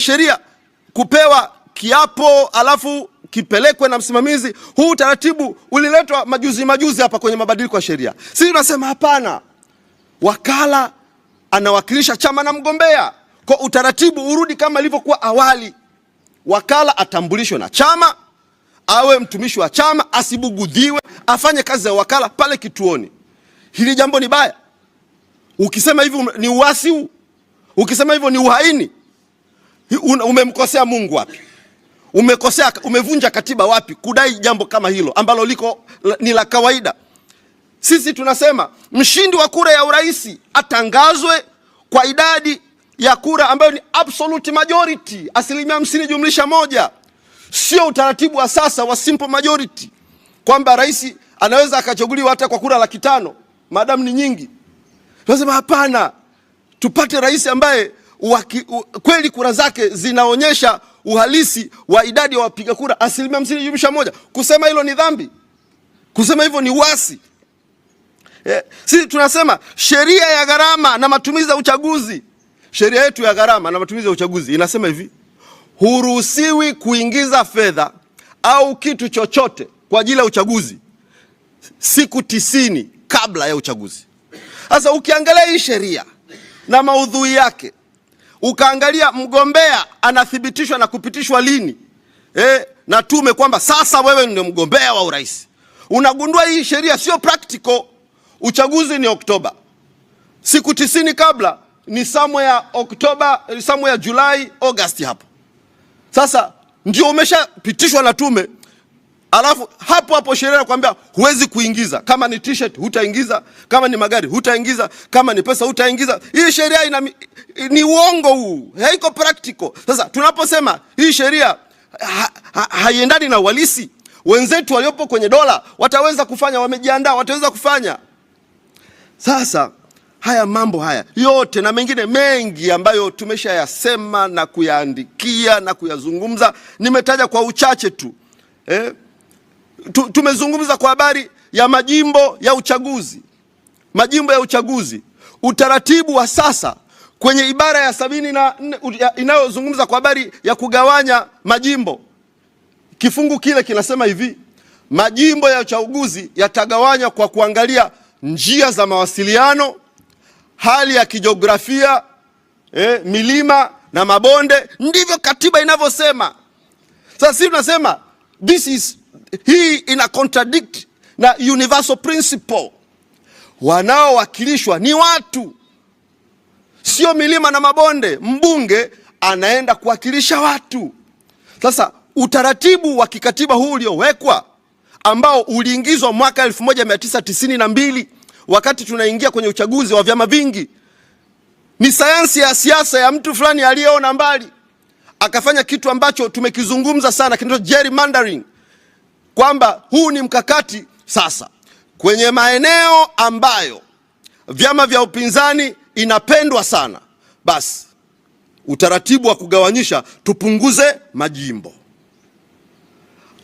sheria kupewa kiapo alafu kipelekwe na msimamizi. Huu utaratibu uliletwa majuzi majuzi hapa kwenye mabadiliko ya sheria. Si unasema hapana, wakala anawakilisha chama na mgombea, kwa utaratibu urudi kama ilivyokuwa awali. Wakala atambulishwe na chama, awe mtumishi wa chama, asibugudhiwe, afanye kazi za wakala pale kituoni. Hili jambo ni baya. Ukisema hivyo ni uasi, ukisema hivyo ni uhaini. Umemkosea Mungu wapi? Umekosea, umevunja katiba wapi kudai jambo kama hilo ambalo liko ni la kawaida? Sisi tunasema mshindi wa kura ya urais atangazwe kwa idadi ya kura ambayo ni absolute majority, asilimia hamsini jumlisha moja, sio utaratibu wa sasa wa simple majority kwamba rais anaweza akachaguliwa hata kwa kura laki tano maadamu ni nyingi. Tunasema hapana, tupate rais ambaye waki, u, kweli kura zake zinaonyesha uhalisi wa idadi ya wapiga kura asilimia hamsini jumlisha moja. Kusema hilo ni dhambi, kusema hivyo ni uasi. Eh, sisi tunasema sheria ya gharama na matumizi ya uchaguzi. Sheria yetu ya gharama na matumizi ya uchaguzi inasema hivi: huruhusiwi kuingiza fedha au kitu chochote kwa ajili ya uchaguzi siku tisini kabla ya uchaguzi. Sasa ukiangalia hii sheria na maudhui yake ukaangalia mgombea anathibitishwa na kupitishwa lini eh, na tume kwamba sasa wewe ndio mgombea wa urais. Unagundua hii sheria sio practical. Uchaguzi ni Oktoba, siku tisini kabla ni somewhere Oktoba, somewhere Julai, August hapo. Sasa ndio umeshapitishwa na tume. Alafu hapo hapo sheria inakwambia huwezi kuingiza. Kama ni t-shirt hutaingiza, kama ni magari hutaingiza, kama ni pesa hutaingiza. Hii sheria ina ni uongo huu, haiko practical. Sasa tunaposema hii sheria haiendani ha, ha, na uhalisi, wenzetu waliopo kwenye dola wataweza kufanya, wamejiandaa, wataweza kufanya. Sasa haya mambo haya yote na mengine mengi ambayo tumeshayasema na kuyaandikia na kuyazungumza, nimetaja kwa uchache tu eh? tumezungumza kwa habari ya majimbo ya uchaguzi. Majimbo ya uchaguzi, utaratibu wa sasa kwenye ibara ya sabini na nne inayozungumza kwa habari ya kugawanya majimbo, kifungu kile kinasema hivi: majimbo ya uchaguzi yatagawanywa kwa kuangalia njia za mawasiliano, hali ya kijiografia, eh, milima na mabonde. Ndivyo katiba inavyosema. Sasa sisi tunasema this is hii ina contradict na universal principle. Wanaowakilishwa ni watu, sio milima na mabonde. Mbunge anaenda kuwakilisha watu. Sasa utaratibu wa kikatiba huu uliowekwa ambao uliingizwa mwaka 1992 wakati tunaingia kwenye uchaguzi wa vyama vingi, ni sayansi ya siasa ya mtu fulani aliyeona mbali akafanya kitu ambacho tumekizungumza sana, kinaitwa gerrymandering kwamba huu ni mkakati sasa kwenye maeneo ambayo vyama vya upinzani inapendwa sana, basi utaratibu wa kugawanyisha tupunguze majimbo.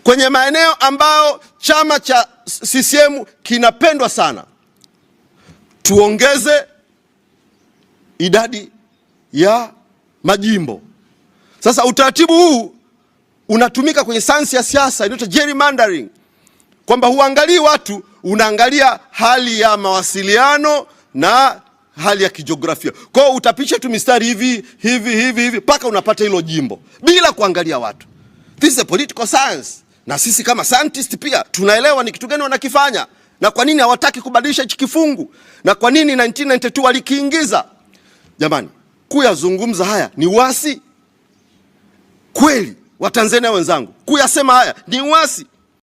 Kwenye maeneo ambayo chama cha CCM kinapendwa sana, tuongeze idadi ya majimbo. Sasa utaratibu huu unatumika kwenye sayansi ya siasa inaitwa gerrymandering, kwamba huangalii watu, unaangalia hali ya mawasiliano na hali ya kijiografia. Kwa hiyo utapicha tu mistari hivi hivi hivi hivi mpaka unapata hilo jimbo bila kuangalia watu. This is a political science, na sisi kama scientist pia tunaelewa ni kitu gani wanakifanya na kwa nini hawataki kubadilisha hichi kifungu na kwa nini 1992 walikiingiza. Jamani, kuyazungumza haya ni wasi kweli. Watanzania wenzangu, kuyasema haya ni uasi.